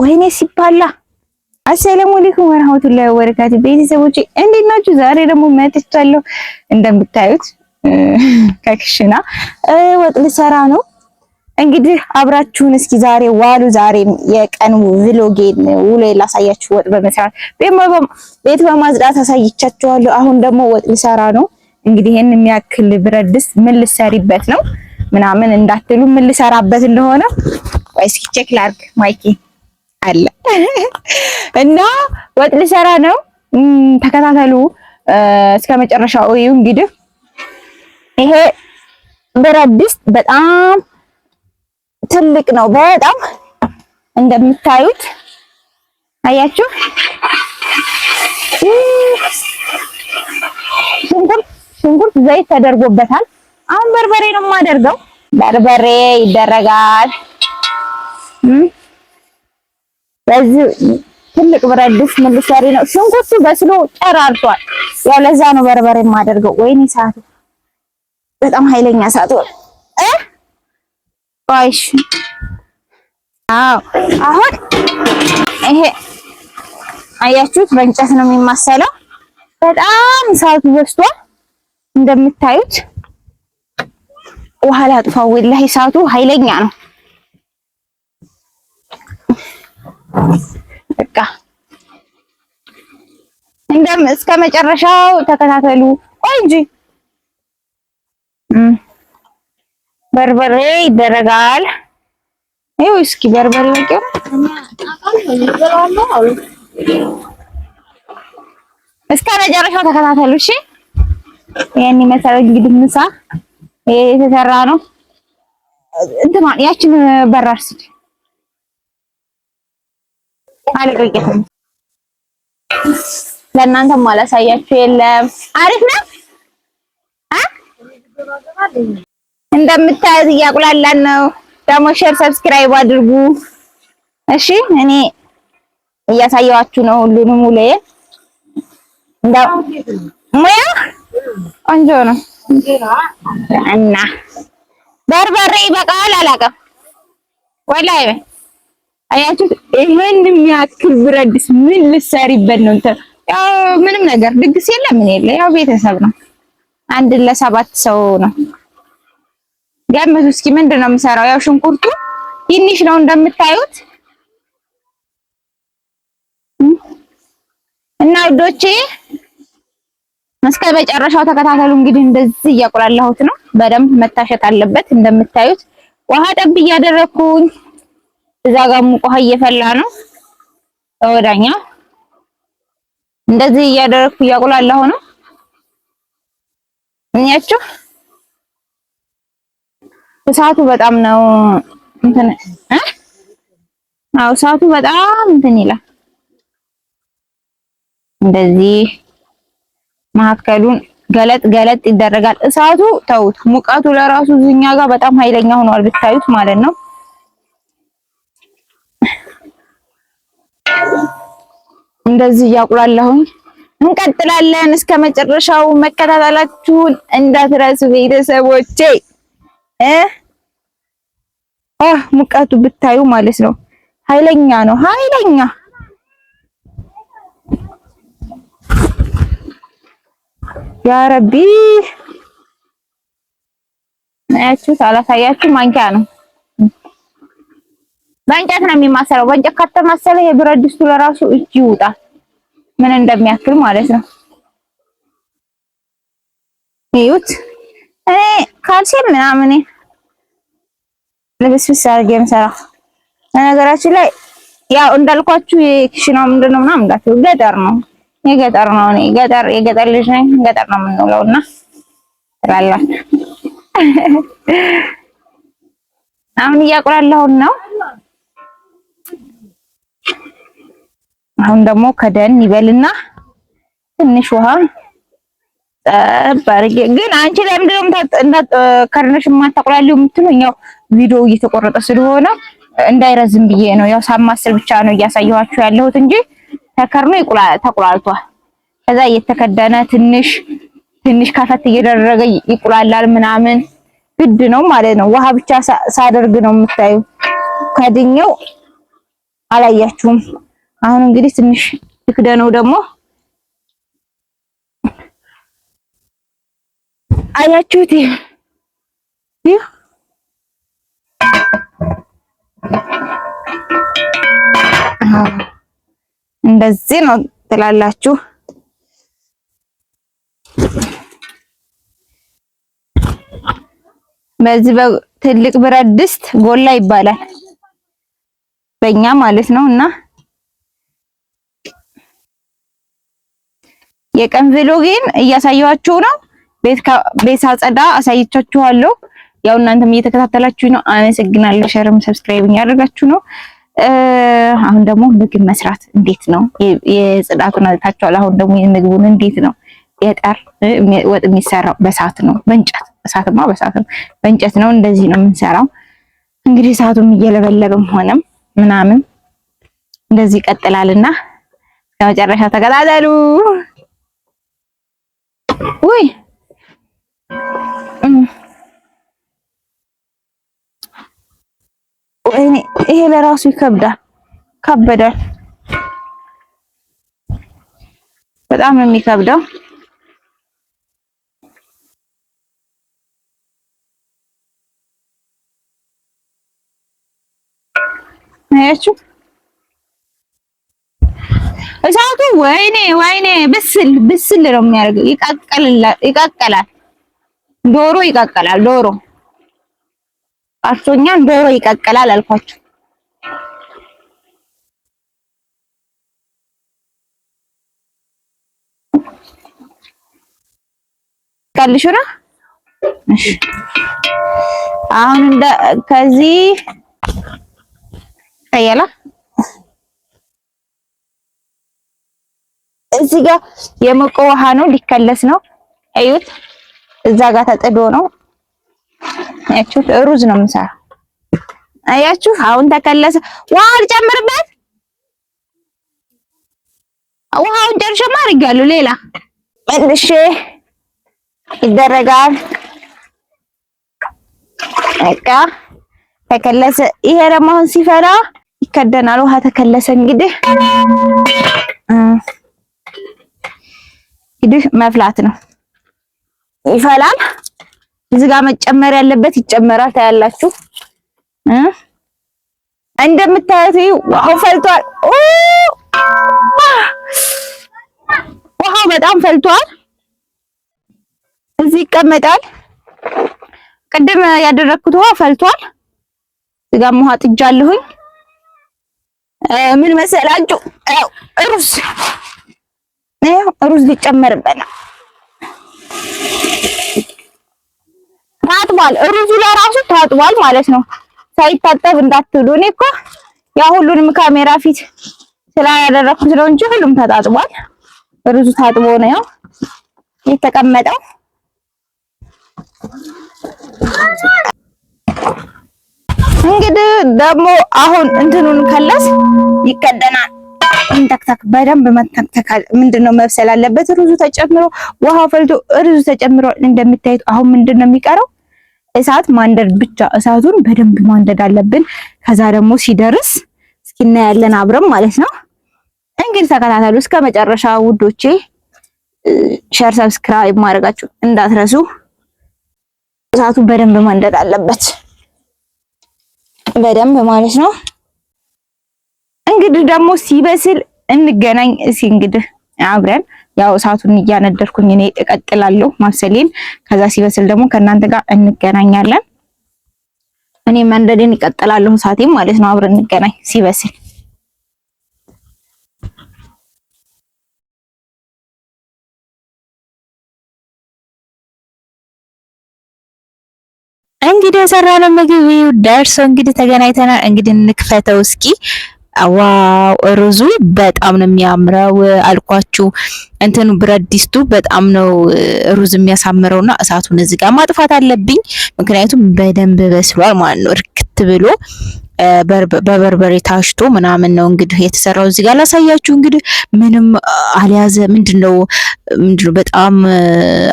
ወይኔ ሲባላ አሰላሙ አለይኩም ወራህመቱላሂ ወበረካቱ ቤተሰቦች እንዴት ናችሁ? ዛሬ ደግሞ መጥቻለሁ። እንደምታዩት ከክሽና ወጥ ልሰራ ነው። እንግዲህ አብራችሁን እስኪ ዛሬ ዋሉ። ዛሬም የቀን ቪሎጌን ውሎ ላሳያችሁ። ወጥ በመስራት ቤት በማጽዳት አሳይቻችኋለሁ። አሁን ደግሞ ወጥ ልሰራ ነው። እንግዲህ ይሄን የሚያክል ብረት ድስት ምን ልሰሪበት ነው ምናምን እንዳትሉ ምን ልሰራበት እንደሆነ እስኪ ቼክ ላድርግ ማይኪ አለ እና ወጥ ልሰራ ነው። ተከታተሉ እስከ መጨረሻው እዩ። እንግዲህ ይሄ ብረት ድስት በጣም ትልቅ ነው። በጣም እንደምታዩት አያችሁ። ሽንኩርት ሽንኩርት ዘይት ተደርጎበታል። አሁን በርበሬ ነው የማደርገው። በርበሬ ይደረጋል። በዚህ ትልቅ ብረት ድስት ምን ልሰሪ ነው? ሽንኩርቱ በስሎ ጨራርቷል። ያው ለዛ ነው በርበሬ የማደርገው። ወይኔ ሰዓቱ በጣም ኃይለኛ ሰዓቱ እ ቆይሽ አዎ፣ አሁን ይሄ አያችሁት፣ በእንጨት ነው የሚማሰለው። በጣም ሰዓቱ በስቷል እንደምታዩት። ውሃ ላጥፋው፣ ወላሂ ሰዓቱ ኃይለኛ ነው። በቃ እንደም እስከ መጨረሻው ተከታተሉ። ቆይ እንጂ በርበሬ ይደረጋል። ይኸው እስኪ በርበሬ እስከ መጨረሻው ተከታተሉ። እሺ ይሄን እንግዲህ ምሳ የተሰራ ነው። ያችን አልቅቄትም ለእናንተም አላሳያችሁ የለም። አሪፍ ነው። እንደምታዩት እያቁላላን ነው። ደግሞ ሼር፣ ሰብስክራይብ አድርጉ እሺ። እኔ እያሳየዋችሁ ነው ሁሉንም ሙሉዬ። እንደው ሙያ ቆንጆ ነው እና በርበሬ ይበቃል። አላውቅም ወላሂ አያችሁት? ይሄን የሚያክል ብረድስ ምን ልሰሪበት ነው? ያው ምንም ነገር ድግስ የለም ምን የለ፣ ያው ቤተሰብ ነው። አንድ ለሰባት ሰው ነው። ገምቱ እስኪ ምንድን ነው የምሰራው? ያው ሽንኩርቱ ትንሽ ነው እንደምታዩት እና ውዶቼ እስከ መጨረሻው ተከታተሉ። እንግዲህ እንደዚህ እያቁላላሁት ነው። በደንብ መታሸት አለበት። እንደምታዩት ውሃ ጠብ እያደረኩኝ እዛ ጋር ሙቆሃ እየፈላ ነው። ወዳኛ እንደዚህ እያደረግኩ እያቁላለሁ ነው። እኛችሁ እሳቱ በጣም ነው እንትን እ አው እሳቱ በጣም እንትን ይላል። እንደዚህ መሀከሉን ገለጥ ገለጥ ይደረጋል። እሳቱ ተውት፣ ሙቀቱ ለራሱ እዚህኛ ጋር በጣም ኃይለኛ ሆኗል ብታዩት ማለት ነው። እንደዚህ እያቁላለሁኝ እንቀጥላለን። እስከ መጨረሻው መከታተላችሁን እንዳትረሱ ቤተሰቦቼ። እ አህ ሙቀቱ ብታዩ ማለት ነው ኃይለኛ ነው ኃይለኛ ያ ረቢ አያችሁት? አላሳያችሁ ማንኪያ ነው። በእንጨት ነው የሚማሰለው። በእንጨት ከተማሰለ የብረት ድስቱ ለራሱ እጅ ይውጣል። ምን እንደሚያክል ማለት ነው። ይዩት። እኔ ካልሲ ምናምን ልብስብስ አድርጌ የምሰራው በነገራችን ላይ ያው እንዳልኳችሁ የኪሽናው ምንድነው ምናምን እንዳትሉ ገጠር ነው የገጠር ነው። እኔ ገጠር የገጠር ልጅ ነኝ። ገጠር ነው የምንውለው እና ትላላችሁ። አሁን እያቁላለሁን ነው አሁን ደግሞ ከደን ይበልና ትንሽ ውሃ ጠብ ግን አንቺ ለምንድን ነው ከርነሽ የማታቆላለው የምትሉኝ? ያው ቪዲዮ እየተቆረጠ ስለሆነ እንዳይረዝም ብዬ ነው። ያው ሳማስል ብቻ ነው እያሳየኋችሁ ያለሁት እንጂ ተከርኖ ተቆላልቷል። ከዛ እየተከደነ ትንሽ ትንሽ ከፈት እየደረገ ይቁላላል ምናምን ግድ ነው ማለት ነው። ውሃ ብቻ ሳደርግ ነው የምታዩ። ከድኘው አላያችሁም አሁን እንግዲህ ትንሽ ልክደነው ደግሞ አያችሁት? ይህ እንደዚህ ነው ትላላችሁ። በዚህ ትልቅ ብረት ድስት ጎላ ይባላል በእኛ ማለት ነው እና የቀን ቪሎጌን እያሳየኋችሁ ነው። ቤት ሳጸዳ አሳይቻችኋለሁ። ያው እናንተም እየተከታተላችሁ ነው። አመሰግናለሁ። ሸርም ሰብስክራይብ እያደረጋችሁ ነው። አሁን ደግሞ ምግብ መስራት እንዴት ነው? የጽዳቱን አይታችኋል። አሁን ደግሞ ምግቡን እንዴት ነው የጠር ወጥ የሚሰራው? በሳት ነው በእንጨት እሳትማ፣ በሳት ነው በእንጨት ነው። እንደዚህ ነው የምንሰራው። እንግዲህ እሳቱም እየለበለበም ሆነም ምናምን እንደዚህ ይቀጥላልና ከመጨረሻ ተከታተሉ። อุ้ยอืม ወይኔ ይሄ ለራሱ ይከብዳል። ከበዳል። በጣም ነው የሚከብደው። አያችሁ? ወይኔ ወይኔ ብስል ብስል ነው የሚያደርገው። ይቀቀላል፣ ዶሮ ይቀቀላል። ዶሮ ቃርቶኛን ዶሮ ይቀቀላል አልኳቸው። ካልሽራ እሺ፣ አሁን እንደ ከዚህ ቀየላ እዚህ ጋር የሞቀ ውሃ ነው፣ ሊከለስ ነው። እዩት፣ እዛ ጋር ተጥዶ ነው። አያችሁት? ሩዝ ነው የምሰራው። አያችሁ? አሁን ተከለሰ። ውሃ ልጨምርበት። ውሃውን ጨርሼማ አድርጊያለሁ። ሌላ መልሼ ይደረጋል። በቃ ተከለሰ። ይሄ ደግሞ አሁን ሲፈላ ይከደናል። ውሃ ተከለሰ እንግዲህ ይድህ መፍላት ነው። ይፈላል። እዚህ ጋር መጨመር ያለበት ይጨመራል። ታያላችሁ እንደምታዩት ውሃው ፈልቷል። ውሃው በጣም ፈልቷል። እዚህ ይቀመጣል። ቅድም ያደረግኩት ውሃ ፈልቷል። እዚህ ጋር ውሃ ጥጃለሁኝ። ምን መሰላችሁ ሩዝ ይኸው ሩዝ ሊጨመርበናል። ታጥቧል። ሩዙ ለራሱ ታጥቧል ማለት ነው። ሳይታጠብ እንዳትሉ። እኔ እኮ ያ ሁሉንም ካሜራ ፊት ስላላደረኩት ነው እንጂ ሁሉም ተጣጥቧል። ሩዙ ታጥቦ ነው የተቀመጠው። እንግዲህ ደግሞ አሁን እንትኑን ከለስ ይቀደናል። መንተክተክ በደንብ መንተክተክ ምንድነው መብሰል አለበት። ሩዙ ተጨምሮ ውሃ ፈልቶ ሩዙ ተጨምሮ እንደምታዩት አሁን ምንድነው የሚቀረው? እሳት ማንደድ ብቻ። እሳቱን በደንብ ማንደድ አለብን። ከዛ ደግሞ ሲደርስ እስኪ እናያለን አብረን ማለት ነው። እንግዲህ ተከታተሉ እስከ መጨረሻ ውዶቼ። ሸር፣ ሰብስክራይብ ማድረጋችሁ እንዳትረሱ። እሳቱ በደንብ ማንደድ አለበት በደንብ ማለት ነው። እንግዲህ ደግሞ ሲበስል እንገናኝ። እስኪ እንግዲህ አብረን ያው እሳቱን እያነደርኩኝ እኔ እቀጥላለሁ ማብሰሌን። ከዛ ሲበስል ደግሞ ከእናንተ ጋር እንገናኛለን። እኔ መንደዴን እቀጥላለሁ እሳቴም ማለት ነው። አብረን እንገናኝ ሲበስል እንግዲህ የሰራነው ምግብ ደርሶ እንግዲህ ተገናኝተናል። እንግዲህ እንክፈተው እስኪ ዋው ሩዙ በጣም ነው የሚያምረው። አልኳችሁ እንትኑ ብረት ድስቱ በጣም ነው ሩዝ የሚያሳምረውና እሳቱን እዚህ ጋር ማጥፋት አለብኝ፣ ምክንያቱም በደንብ በስሏል ማለት ነው። እርክት ብሎ በበርበሬ ታሽቶ ምናምን ነው እንግዲህ የተሰራው። እዚህ ጋር ላሳያችሁ እንግዲህ ምንም አልያዘ ምንድነው ምንድነው በጣም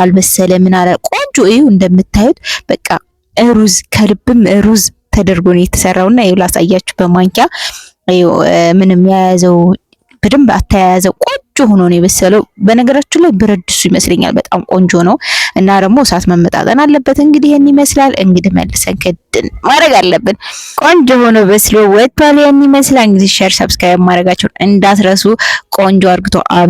አልበሰለ ምን አለ ቆንጆ ይሁ እንደምታዩት በቃ ሩዝ ከልብም ሩዝ ተደርጎ ነው የተሰራው እና ይኸው ላሳያችሁ በማንኪያ ምንም የያዘው በደንብ አተያያዘው ቆንጆ ሆኖ ነው የበሰለው። በነገራችሁ ላይ ብረት ድስቱ ይመስለኛል በጣም ቆንጆ ነው እና ደግሞ እሳት መመጣጠን አለበት። እንግዲህ ይሄን ይመስላል። እንግዲህ መልሰን ክድን ማድረግ አለብን። ቆንጆ ሆኖ በስሎ ወጥቷል። ይሄን ይመስላል። እንግዲህ ሸር ሰብስክራይብ ማድረጋቸውን እንዳትረሱ። ቆንጆ አርግቶ